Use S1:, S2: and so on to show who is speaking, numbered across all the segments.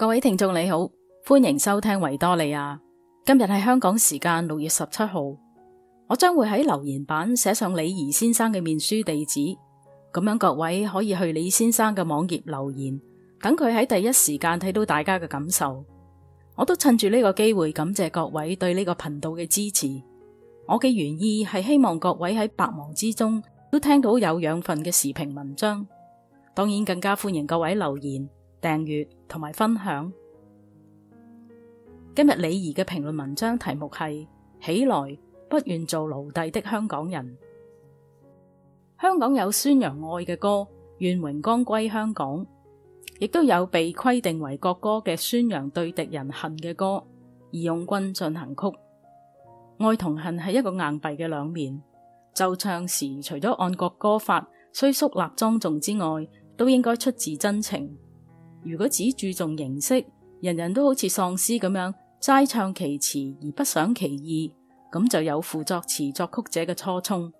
S1: 各位聽眾你好，歡迎收聽維多利亞。今日係香港時間六月十七號，我將會喺留言板寫上李怡先生嘅面書地址，咁樣各位可以去李先生嘅網頁留言，等佢喺第一時間睇到大家嘅感受。我都趁住呢個機會感謝各位對呢個頻道嘅支持。我嘅原意係希望各位喺百忙之中都聽到有養分嘅時評文章，當然更加歡迎各位留言。訂閱同埋分享。今日李怡嘅評論文章題目係《起來，不願做奴隸的香港人》。香港有宣揚愛嘅歌《願榮光歸香港》，亦都有被規定為國歌嘅宣揚對敵人恨嘅歌《義勇軍進行曲》。愛同恨係一個硬幣嘅兩面，奏唱時除咗按國歌法，雖肅立莊重之外，都應該出自真情。如果只注重形式，人人都好似喪屍咁樣齋唱其詞而不想其意，咁就有負作詞作曲者嘅初衷。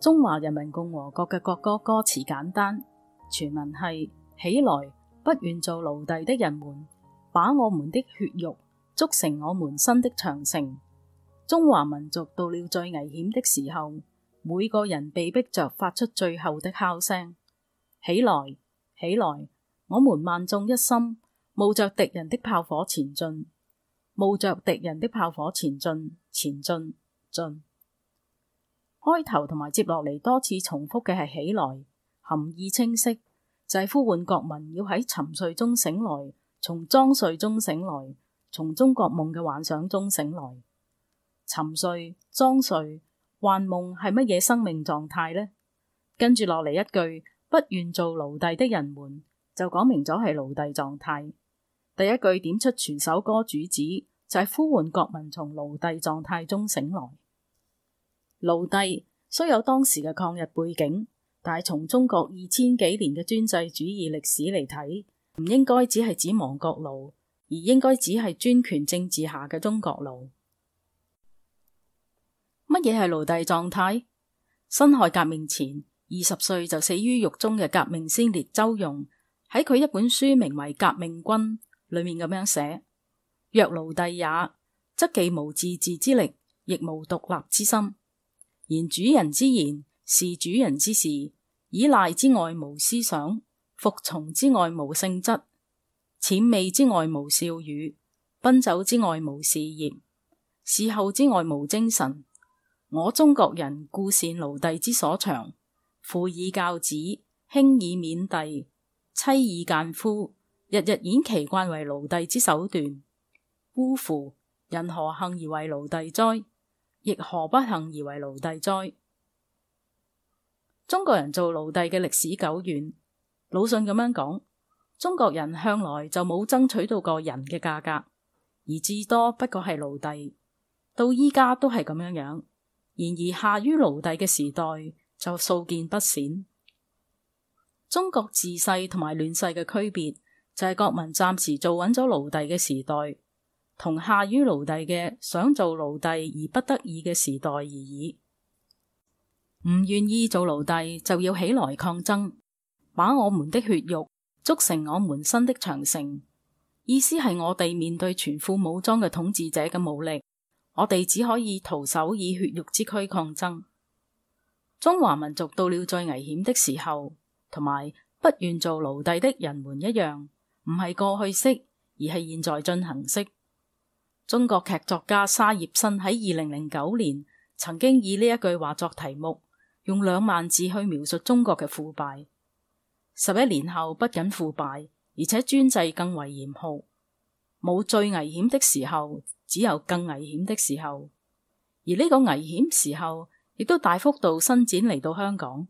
S1: 中華人民共和國嘅國歌歌詞簡單，全文係：起來，不願做奴隸的人們，把我們的血肉，築成我們新的長城。中華民族到了最危險的時候，每個人被逼着發出最後的吼聲：起來，起來！我們萬眾一心，冒着敵人的炮火前進，冒着敵人的炮火前進，前進進。開頭同埋接落嚟多次重複嘅係起來，含義清晰，就係呼喚國民要喺沉睡中醒來，從裝睡中醒來，從中國夢嘅幻想中醒來。沉睡、裝睡、幻夢係乜嘢生命狀態呢？跟住落嚟一句，不願做奴隸的人們。就講明咗係奴隸狀態。第一句點出全首歌主旨，就係呼喚國民從奴隸狀態中醒來。奴隸雖有當時嘅抗日背景，但係從中國二千幾年嘅專制主義歷史嚟睇，唔應該只係指亡國奴，而應該只係專權政治下嘅中國奴。乜嘢係奴隸狀態？辛亥革命前二十歲就死於獄中嘅革命先烈鄒容。喺佢一本書名為《革命軍》裏面咁樣寫：曰奴隸也，則既無自治之力，亦無獨立之心。言主人之言，事主人之事，倚賴之外無思想，服從之外無性質，謅媚之外無笑語，奔走之外無事業，伺候之外無精神。我中國人固善奴隸之所長，父以教子，兄以勉弟。」妻以諫夫，日日演其慣為奴隸之手段。嗚呼！人何幸而為奴隸哉？亦何不幸而為奴隸哉？中國人做奴隸嘅歷史久遠。魯迅咁樣講，中國人向來就冇爭取到過人嘅價格，而至多不過係奴隸。到依家都係咁樣樣。然而下於奴隸嘅時代，就數見不鮮。中國治世同埋亂世嘅區別就係、是、國民暫時做穩咗奴隸嘅時代，同下於奴隸嘅想做奴隸而不得已嘅時代而已。唔願意做奴隸就要起來抗爭，把我們的血肉築成我們新的長城。意思係我哋面對全副武裝嘅統治者嘅武力，我哋只可以徒手以血肉之軀抗爭。中華民族到了最危險的時候。同埋不願做奴隸的人們一樣，唔係過去式，而係現在進行式。中國劇作家沙葉新喺二零零九年曾經以呢一句話作題目，用兩萬字去描述中國嘅腐敗。十一年後，不僅腐敗，而且專制更為嚴酷。冇最危險的時候，只有更危險的時候。而呢個危險時候，亦都大幅度伸展嚟到香港。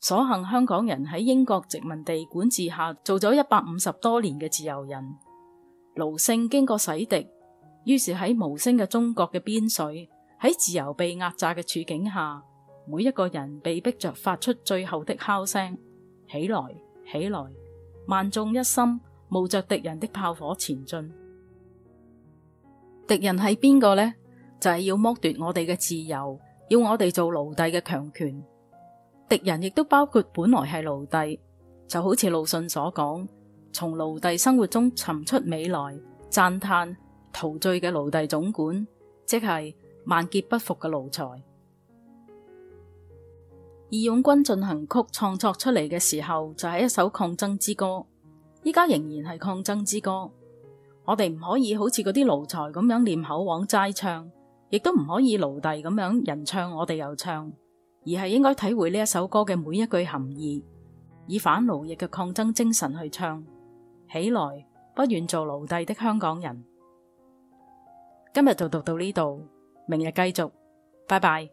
S1: 所幸香港人喺英國殖民地管治下做咗一百五十多年嘅自由人，奴性經過洗滌，於是喺無聲嘅中國嘅邊水，喺自由被壓榨嘅處境下，每一個人被逼着發出最後的吼聲：起來，起來！萬眾一心，冒着敵人的炮火前進。敵人係邊個呢？就係、是、要剝奪我哋嘅自由，要我哋做奴隸嘅強權。敵人亦都包括本來係奴隸，就好似魯迅所講，從奴隸生活中尋出美來，讚嘆陶醉嘅奴隸總管，即係萬劫不復嘅奴才。義勇軍進行曲創作出嚟嘅時候，就係、是、一首抗爭之歌，依家仍然係抗爭之歌。我哋唔可以好似嗰啲奴才咁樣念口往齋唱，亦都唔可以奴隸咁樣人唱，我哋又唱。而係應該體會呢一首歌嘅每一句含義，以反奴役嘅抗爭精神去唱。起來，不願做奴隸的香港人。今日就讀到呢度，明日繼續，拜拜。